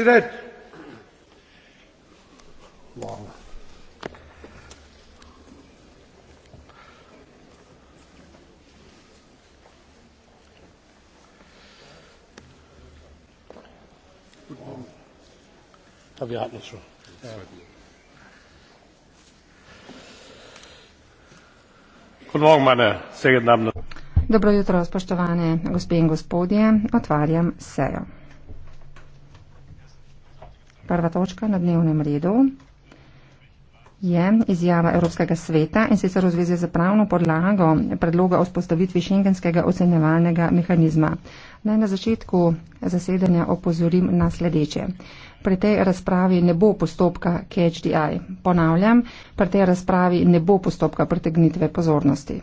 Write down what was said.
Zdaj, wow. Ja, vi hatten es schon. Guten Morgen, meine sehr geehrten Damen und Herren. Dobro jutro, spoštovane gospe in gospodje, otvarjam sejo. Prva točka na dnevnem redu je izjava Evropskega sveta in sicer v zvezi z pravno podlago predloga o spostavitvi šengenskega ocenjevalnega mehanizma. Naj na začetku zasedanja opozorim na sledeče. Pri tej razpravi ne bo postopka KHDI. Ponavljam, pri tej razpravi ne bo postopka pritegnitve pozornosti.